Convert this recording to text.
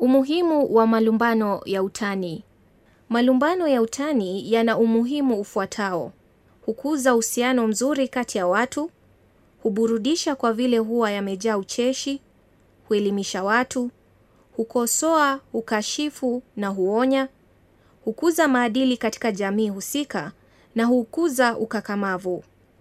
Umuhimu wa malumbano ya utani. Malumbano ya utani yana umuhimu ufuatao: hukuza uhusiano mzuri kati ya watu, huburudisha kwa vile huwa yamejaa ucheshi, huelimisha watu, hukosoa, hukashifu na huonya, hukuza maadili katika jamii husika na hukuza ukakamavu.